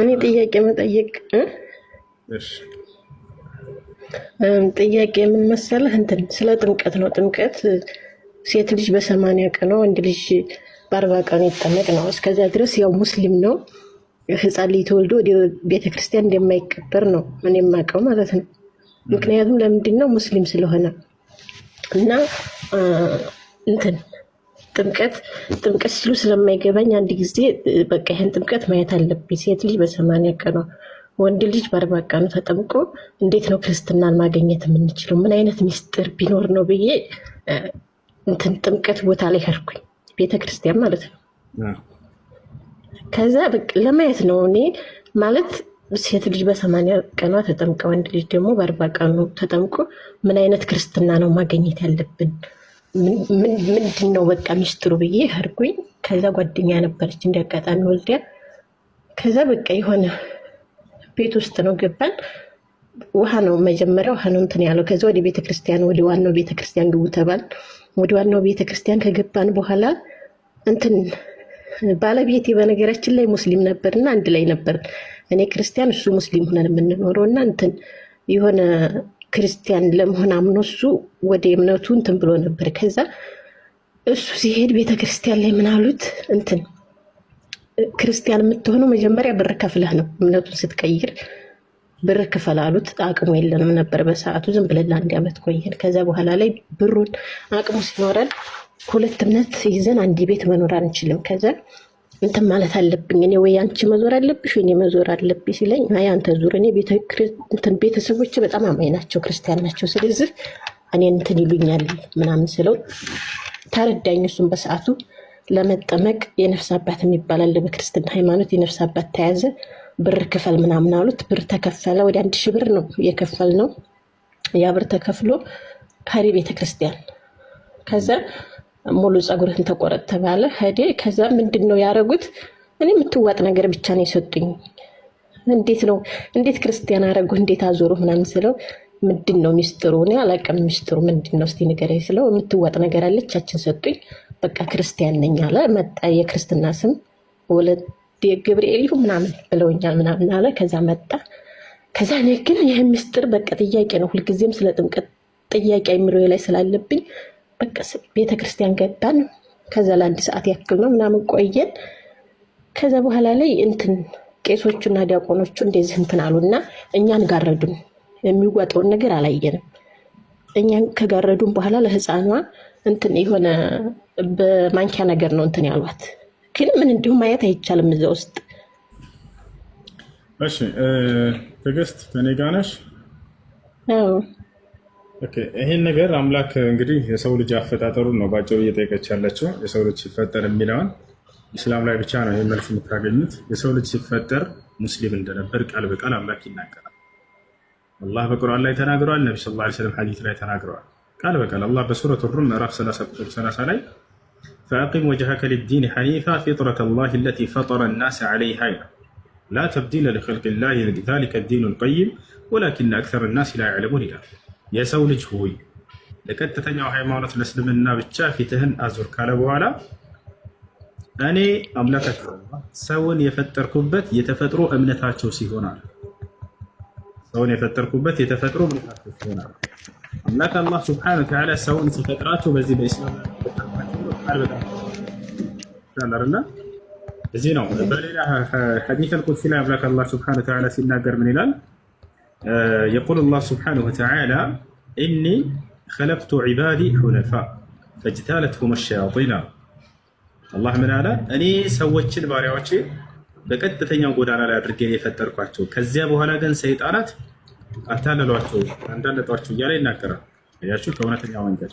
እኔ ጥያቄ መጠየቅ ጥያቄ ምን መሰለህ እንትን ስለ ጥምቀት ነው። ጥምቀት ሴት ልጅ በሰማንያ ቀኗ ወንድ ልጅ በአርባ ቀኑ ይጠመቅ ነው። እስከዚያ ድረስ ያው ሙስሊም ነው። ህፃን ልጅ ተወልዶ ወደ ቤተክርስቲያን እንደማይቀበር ነው እኔ የማውቀው ማለት ነው። ምክንያቱም ለምንድን ነው ሙስሊም ስለሆነ እና እንትን ጥምቀት ጥምቀት ሲሉ ስለማይገባኝ አንድ ጊዜ በቃ ይህን ጥምቀት ማየት አለብኝ። ሴት ልጅ በሰማንያ ቀኗ ወንድ ልጅ በአርባ ቀኑ ተጠምቆ እንዴት ነው ክርስትናን ማገኘት የምንችለው? ምን አይነት ሚስጥር ቢኖር ነው ብዬ እንትን ጥምቀት ቦታ ላይ ሄድኩኝ፣ ቤተክርስቲያን ማለት ነው። ከዛ ለማየት ነው እኔ ማለት ሴት ልጅ በሰማንያ ቀኗ ተጠምቀ ወንድ ልጅ ደግሞ በአርባ ቀኑ ተጠምቆ ምን አይነት ክርስትና ነው ማገኘት ያለብን ምንድን ነው በቃ ሚስጥሩ ብዬ ህርጉኝ። ከዛ ጓደኛ ነበረች እንዲያጋጣሚ ወልዲያ። ከዛ በቃ የሆነ ቤት ውስጥ ነው ገባን። ውሃ ነው መጀመሪያ ውሃ ነው እንትን ያለው። ከዛ ወደ ቤተክርስቲያን ወደ ዋናው ቤተክርስቲያን ግቡ ተባል። ወደ ዋናው ቤተክርስቲያን ከገባን በኋላ እንትን ባለቤቴ በነገራችን ላይ ሙስሊም ነበር እና አንድ ላይ ነበር። እኔ ክርስቲያን እሱ ሙስሊም ሆነን የምንኖረው እና እንትን የሆነ ክርስቲያን ለመሆን አምኖ እሱ ወደ እምነቱ እንትን ብሎ ነበር። ከዛ እሱ ሲሄድ ቤተ ክርስቲያን ላይ ምን አሉት? እንትን ክርስቲያን የምትሆነው መጀመሪያ ብር ከፍለህ ነው፣ እምነቱን ስትቀይር ብር ክፈል አሉት። አቅሙ የለንም ነበር በሰዓቱ። ዝም ብለን ለአንድ ዓመት ቆየን። ከዛ በኋላ ላይ ብሩን አቅሙ ሲኖረን ሁለት እምነት ይዘን አንድ ቤት መኖር አንችልም። ከዛ እንትን ማለት አለብኝ እኔ ወይ አንቺ መዞር አለብሽ ወይ እኔ መዞር አለብኝ ሲለኝ አይ አንተ ዙር። እኔ ቤተሰቦች በጣም አማኝ ናቸው፣ ክርስቲያን ናቸው። ስለዚህ እኔ እንትን ይሉኛል ምናምን ስለው ተረዳኝ። እሱም በሰዓቱ ለመጠመቅ የነፍስ አባት የሚባል አለ በክርስትና ሃይማኖት። የነፍስ አባት ተያዘ፣ ብር ክፈል ምናምን አሉት። ብር ተከፈለ። ወደ አንድ ሺህ ብር ነው የከፈል ነው። ያ ብር ተከፍሎ ሀሪ ቤተክርስቲያን ከዛ ሙሉ ፀጉርህን ተቆረጥ ተባለ። ሄዴ ከዛ ምንድን ነው ያደረጉት? እኔ የምትዋጥ ነገር ብቻ ነው የሰጡኝ። እንዴት ነው እንዴት ክርስቲያን አረጉ እንዴት አዞሩ ምናምን ስለው ምንድን ነው ሚስጥሩ? እኔ አላውቅም ሚስጥሩ ምንድን ነው እስኪ ንገረኝ ስለው የምትዋጥ ነገር አለች ያችን ሰጡኝ። በቃ ክርስቲያን ነኝ አለ። መጣ የክርስትና ስም ወለደ ገብርኤል ይሁን ምናምን ብለውኛል ምናምን አለ። ከዛ መጣ። ከዛ እኔ ግን ይህ ሚስጥር በቃ ጥያቄ ነው ሁልጊዜም ስለ ጥምቀት ጥያቄ አይምሮ ላይ ስላለብኝ በቃ ቤተ ክርስቲያን ገባን። ከዛ ለአንድ ሰዓት ያክል ነው ምናምን ቆየን። ከዛ በኋላ ላይ እንትን ቄሶቹና ዲያቆኖቹ እንደዚህ እንትን አሉና እኛን ጋረዱን። የሚዋጠውን ነገር አላየንም። እኛን ከጋረዱን በኋላ ለህፃኗ እንትን የሆነ በማንኪያ ነገር ነው እንትን ያሏት። ግን ምን እንዲሁም ማየት አይቻልም እዛ ውስጥ። እሺ ትዕግስት፣ እኔ ይህን ነገር አምላክ እንግዲህ የሰው ልጅ አፈጣጠሩ ነው በአጭሩ እየጠየቀች ያለችው። የሰው ልጅ ሲፈጠር የሚለውን ኢስላም ላይ ብቻ ነው ይህ መልስ የምታገኙት። የሰው ልጅ ሲፈጠር ሙስሊም እንደነበር ቃል በቃል አምላክ ይናገራል። አላህ በቁርአን ላይ ተናግረዋል። ነቢ ስ ላ ስለም ሐዲት ላይ ተናግረዋል። ቃል በቃል አላህ በሱረት ሩም ምዕራፍ 30 ላይ ፈአቂም ወጅሃከ ሊዲን ሐኒፋ ፊጥረት ላህ ለቲ ፈጠረ ናስ ዓለይሃ ይላል። ላ ተብዲለ ሊኸልቅ ላህ ዛሊከ ዲኑ ልቀይም ወላኪን አክሰር ናስ ላ ያዕለሙን ይላል። የሰው ልጅ ሆይ ለቀጥተኛው ሃይማኖት ለእስልምና ብቻ ፊትህን አዙር ካለ በኋላ እኔ አምላካቸው ሰውን የፈጠርኩበት የተፈጥሮ እምነታቸው ሲሆናል። ሰውን የፈጠርኩበት የተፈጥሮ እምነታቸው ሲሆናል። አምላክ አላህ ስብሐነ ወተዓላ ሰውን ሲፈጥራቸው በዚህ በኢስላም ላ እዚህ ነው። በሌላ ሐዲስ አልቁድሲ ላይ አምላክ አላህ ስብሐነ ወተዓላ ሲናገር ምን ይላል? የቁል አላህ ስብሓነሁ ወተዓላ ኢኒ ከለቅቱ ዒባዲ ሑነፋ ፈጅታለትሁም ሸያጢና አላህ ምን አለ? እኔ ሰዎችን ባሪያዎቼ በቀጥተኛው ጎዳና ላይ አድርጌ የፈጠርኳቸው ከዚያ በኋላ ግን ሰይጣናት አታለሏቸው፣ አንዳለጧቸው እያለ ይናገራል። ያቸው ከእውነተኛው መንገድ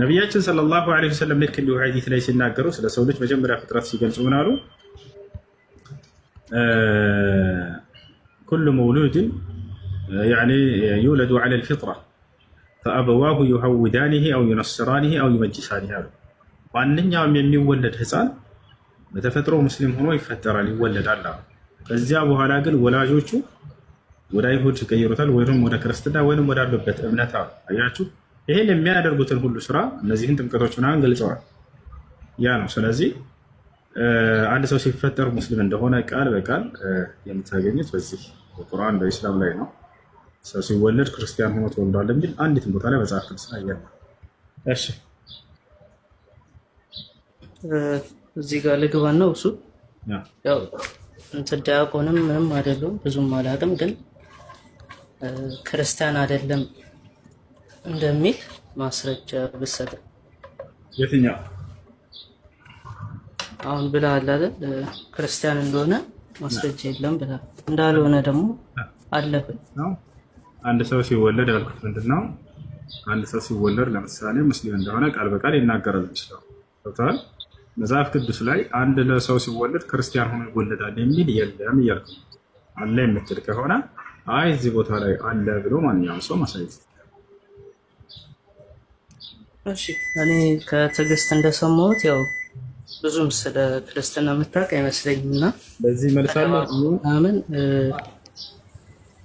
ነቢያችን ሰለላሁ ዐለይሂ ወሰለም ልክ እንዲሁ ሐዲት ላይ ሲናገሩ ስለ ሰው ልጅ መጀመሪያ ፍጥረት ሲገልጹ ምን አሉ? ኩሉ መውሉድን ያኔ ይውለዱ ዐለ ልፊጥራ ፈአበዋሁ ዩሀውዳኒህ አው ዩነስራኒህ አው ዩመጅሳኒህ አሉ። ማንኛውም የሚወለድ ህፃን በተፈጥሮ ሙስሊም ሆኖ ይፈጠራል፣ ይወለዳል አሉ። ከዚያ በኋላ ግን ወላጆቹ ወደ አይሁድ ይቀይሩታል፣ ወይም ወደ ክርስትና ወይም ወዳሉበት እምነት አሉ። አያችሁ፣ ይህን የሚያደርጉትን ሁሉ ስራ እነዚህን ጥምቀቶች ምናምን ገልጸዋል። ያ ነው ስለዚህ አንድ ሰው ሲፈጠር ሙስሊም እንደሆነ ቃል በቃል የምታገኙት በዚህ በቁርአን በኢስላም ላይ ነው። ሰው ሲወለድ ክርስቲያን ሆኖ ተወልዷል የሚል አንዲትም ቦታ ላይ መጽሐፍ ቅዱስ ላይ የለም። እሺ እዚህ ጋር ልግባን ነው እሱ ያው እንትን ዲያቆንም ምንም አይደለም ብዙም አላውቅም፣ ግን ክርስቲያን አይደለም እንደሚል ማስረጃ ብሰጥ የትኛው አሁን ብላ አይደል? ክርስቲያን እንደሆነ ማስረጃ የለም ብላ እንዳልሆነ ደግሞ አለብን። አንድ ሰው ሲወለድ ያልኩት ምንድን ነው? አንድ ሰው ሲወለድ ለምሳሌ ሙስሊም እንደሆነ ቃል በቃል ይናገራል ይችላል። ገብቶሃል? መጽሐፍ ቅዱስ ላይ አንድ ለሰው ሲወለድ ክርስቲያን ሆኖ ይወለዳል የሚል የለም እያልኩ አለ የምትል ከሆነ አይ እዚህ ቦታ ላይ አለ ብሎ ማንኛውም ሰው ማሳየት እኔ ከትዕግስት እንደሰማሁት ያው ብዙም ስለ ክርስትና የምታውቅ አይመስለኝምና በዚህ መልስ አለ ምን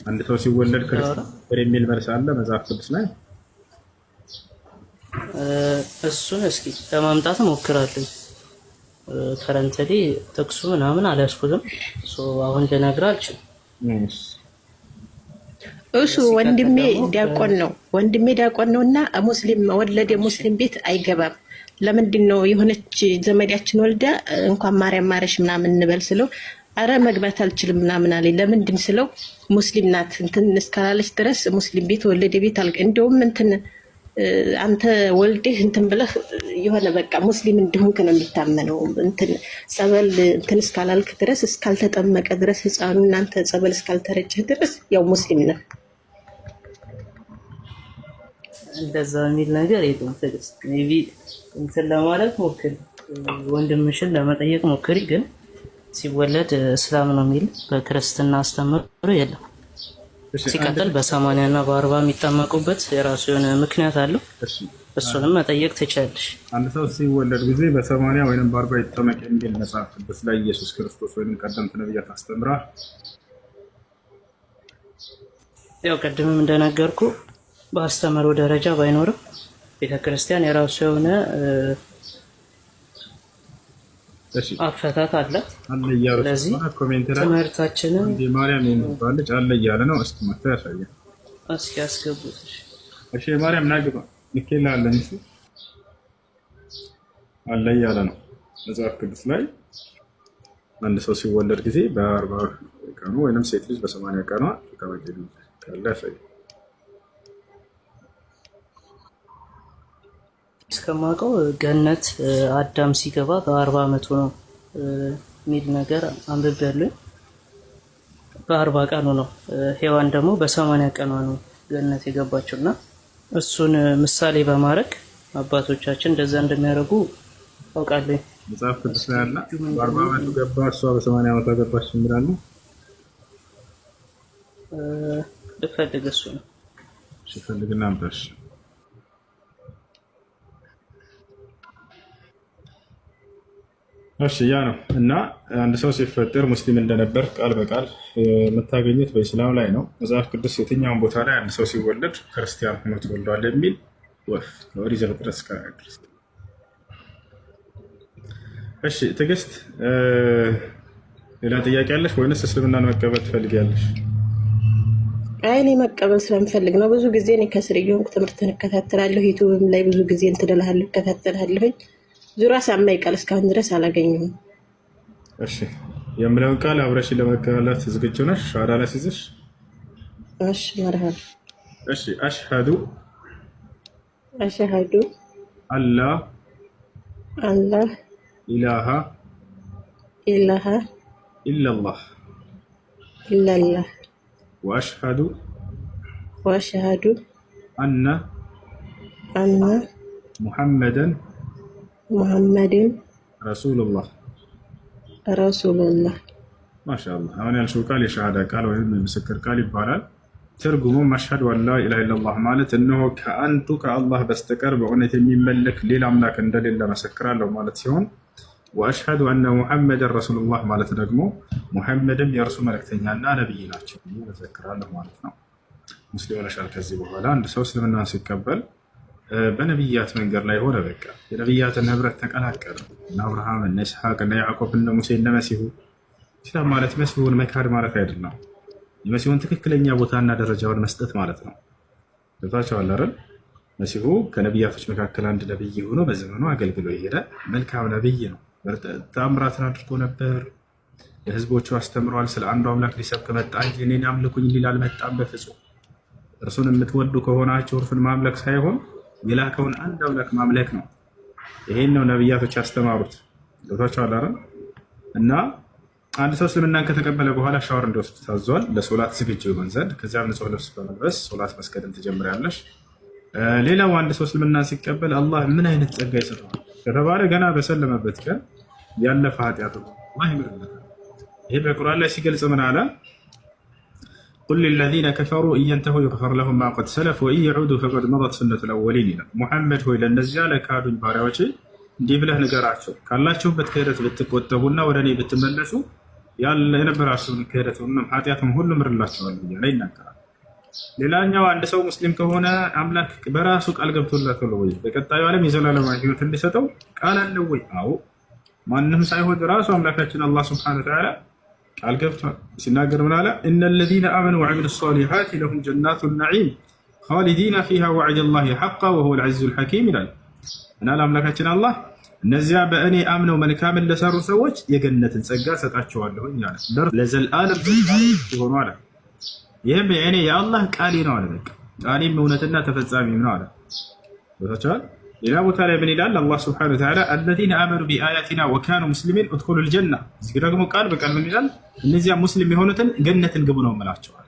አንድ ሰው ሲወለድ ክርስትና የሚል መልስ አለ መጽሐፍ ቅዱስ ላይ። እሱን እስኪ ለማምጣት ሞክራለሁ። ከረንተሊ ጥቅሱ ምናምን አልያዝኩትም። አሁን ልነግርህ አልችልም። እሱ ወንድሜ ዲያቆን ነው፣ ወንድሜ ዲያቆን ነው እና ሙስሊም ወለደ ሙስሊም ቤት አይገባም ለምንድን ነው የሆነች ዘመዳችን ወልዳ እንኳን ማርያም ማረሽ ምናምን እንበል ስለው አረ መግባት አልችልም ምናምን አለ። ለምንድን ስለው ሙስሊም ናት እንትን እስካላለች ድረስ ሙስሊም ቤት ወለደ ቤት አል እንደውም እንትን አንተ ወልድህ እንትን ብለህ የሆነ በቃ ሙስሊም እንደሆንክ ነው የሚታመነው። እንትን ጸበል እንትን እስካላልክ ድረስ እስካልተጠመቀ ድረስ ህፃኑ እናንተ ጸበል እስካልተረጨህ ድረስ ያው ሙስሊም ነህ። እንደዛ የሚል ነገር የለም። ትዕግስት ሜቢ እንትን ለማለት ሞክሪ፣ ወንድምሽን ለመጠየቅ ሞክሪ። ግን ሲወለድ እስላም ነው የሚል በክርስትና አስተምሮ የለም። ሲቀጥል በሰማንያ እና በአርባ የሚጠመቁበት የራሱ የሆነ ምክንያት አለው። እሱንም መጠየቅ ትችላለሽ። አንድ ሰው ሲወለድ ጊዜ በሰማንያ ወይም በአርባ ይጠመቅ የሚል መጽሐፍ ቅዱስ ላይ ኢየሱስ ክርስቶስ ወይም ቀደምት ነቢያት አስተምራል። ያው ቅድምም እንደነገርኩ በአስተምህሮ ደረጃ ባይኖርም ቤተ ክርስቲያን የራሱ የሆነ አፈታት አላት። ስለዚህ ትምህርታችንን ማርያም የሚባለች አለ እያለ ነው። እስኪ መጥቶ ያሳያል። እስኪ አስገቡት። እሺ ማርያም ናግባ ሚካኤል አለ እንጂ አለ እያለ ነው መጽሐፍ ቅዱስ ላይ አንድ ሰው ሲወለድ ጊዜ በአርባ ቀኑ ወይም ሴት ልጅ በሰማንያ ቀኗ ከመገኘት ካለ ያሳያል። እስከማውቀው ገነት አዳም ሲገባ በአርባ ዓመቱ ነው የሚል ነገር አንብቤያለሁ። በአርባ ቀኑ ነው። ሔዋን ደግሞ በሰማንያ ቀኗ ነው ገነት የገባችው እና እሱን ምሳሌ በማድረግ አባቶቻችን እንደዛ እንደሚያደርጉ አውቃለሁ። መጽሐፍ ቅዱስ ላይ አለ። በአርባ ገባ፣ እሷ በሰማንያ አመቷ ገባች ይላሉ። ልፈልግ እሱ ነው ሲፈልግና እሺ ያ ነው እና አንድ ሰው ሲፈጠር ሙስሊም እንደነበር ቃል በቃል የምታገኙት በኢስላም ላይ ነው። መጽሐፍ ቅዱስ የትኛውን ቦታ ላይ አንድ ሰው ሲወለድ ክርስቲያን ሆኖ ተወልዷል የሚል ወፍ ኦሪት ዘፍጥረት ድረስ። እሺ ትዕግስት፣ ሌላ ጥያቄ ያለሽ ወይንስ እስልምናን መቀበል ትፈልጊያለሽ? አይ እኔ መቀበል ስለምፈልግ ነው። ብዙ ጊዜ እኔ ከስር እየሆንኩ ትምህርትን እከታተላለሁ። ዩቱብም ላይ ብዙ ጊዜ እንትደልሃለሁ እከታተልሃለሁኝ ዙራ ሳማይ ቃል እስካሁን ድረስ አላገኘሁም። እሺ የምለውን ቃል አብረሽ ለመከላላት ዝግጁ ነሽ? ሻዳ ላይ ሲዝሽ እሺ፣ መርሃብ እሺ። አሽሃዱ አሽሃዱ አላ አላ ኢላሃ ኢላሃ ኢላላህ ኢላላህ ወአሽሃዱ ወአሽሃዱ አና አና ሙሐመደን ሙሐመድን ረሱሉላህ ረሱሉላህ። ማሻአላህ። አሁን ያልሽው ቃል የሸሃዳ ቃል ወይም የምስክር ቃል ይባላል። ትርጉሙም አሽሀዱ አን ላ ኢላሀ ኢለላህ ማለት እነሆ ከአንዱ ከአላህ በስተቀር በእውነት የሚመለክ ሌላ አምላክ እንደሌለ መሰክራለሁ ማለት ሲሆን ወአሽሀዱ አነ ሙሐመድን ረሱሉላህ ማለት ደግሞ ሙሐመድም የእርሱ መልእክተኛና ነቢይ ናቸው መሰክራለሁ ማለት ነው። ሙስሊም ሆነሻል። ከዚህ በኋላ አንድ ሰው እስልምናን ሲቀበል በነቢያት መንገድ ላይ ሆነ። በቃ የነቢያትን ህብረት ተቀላቀለ። እነ አብርሃም፣ እነ ኢስሐቅ፣ እነ ያዕቆብ፣ እነ ሙሴ፣ እነ መሲሁ። ኢስላም ማለት መሲሁን መካድ ማለት አይደለም። የመሲሁን ትክክለኛ ቦታና ደረጃውን መስጠት ማለት ነው። ገብታችኋል አይደል? መሲሁ ከነቢያቶች መካከል አንድ ነቢይ ሆኖ በዘመኑ አገልግሎ የሄደ መልካም ነቢይ ነው። ተአምራትን አድርጎ ነበር። ለህዝቦቹ አስተምሯል። ስለ አንዱ አምላክ ሊሰብክ መጣ እንጂ እኔን አምልኩኝ ሊል አልመጣም በፍጹም። እርሱን የምትወዱ ከሆናችሁ እርሱን ማምለክ ሳይሆን የላከውን አንድ አምላክ ማምለክ ነው። ይሄን ነው ነብያቶች ያስተማሩት። ገብቷቸዋል አይደል? እና አንድ ሰው እስልምናን ከተቀበለ በኋላ ሻወር እንዲወስድ ታዟል፣ ለሶላት ዝግጁ ይሆን ዘንድ። ከዚያም ንጹህ ልብስ በመልበስ ሶላት መስገድም ትጀምሪያለሽ። ሌላው አንድ ሰው እስልምናን ሲቀበል አላህ ምን አይነት ጸጋ ይሰጠዋል ከተባለ ገና በሰለመበት ቀን ያለፈ ኃጢአቱ ይምርለታል። ይሄ በቁርአን ላይ ሲገልጽ ምን አለ? ቁል ለዚነ ከፈሩ እየንተሁ ይክፈር ለሁም ማ ቀድ ሰለፍ ወኢን የዑዱ ፈቀድ መረት ሱነቱል አወሊን ይላል። ሙሐመድ ሆይ ለእነዚያ ለካዱኝ ባሪያዎች እንዲህ ብለህ ንገራቸው ካላችሁበት ክህደት ብትቆጠቡና ወደ እኔ ብትመለሱ የነበራችሁን ክህደት ኃጢአትም ሁሉ ምርላቸዋለሁ እያለ ይናገራል። ሌላኛው አንድ ሰው ሙስሊም ከሆነ አምላክ በራሱ ቃል ገብቶላታል ወይ በቀጣዩ ዓለም የዘላለማዊ ሕይወት እንዲሰጠው ቃል አለው ወይ? አዎ ማንም ሳይሆን ራሱ አምላካችን አላህ ሱብሓነሁ ወተዓላ ቃል ገብቷል። ሲናገር ምን አለ? እነ ለዚነ አመኑ ወዐሚሉ ሷሊሓት ለሁም ጀናቱ ናዒም ኻሊዲና ፊሃ ወዐደ ላሂ ሐቃ ወሁወ ልዐዚዙ ልሐኪም ይላል። ምን አምላካችን አላህ እነዚያ በእኔ አምነው መልካምን ለሰሩ ሰዎች የገነትን ጸጋ ሰጣቸዋለሁ ለዘልአለም ሆኑ አለ። ይህም የእኔ የአላህ ቃሌ ነው አለ። ቃሌም እውነትና ተፈጻሚም ነው አለ። ሌላ ቦታ ላይ ምን ይላል? አላህ ስብሐነሁ ወተዓላ አለዚነ አመኑ ቢአያቲና ወካኑ ሙስሊሚን ኡድኹሉል ጀና። እዚህ ደግሞ ቃል በቃል ምን ይላል? እነዚያ ሙስሊም የሆኑትን ገነትን ግቡ ነው ምላቸዋል።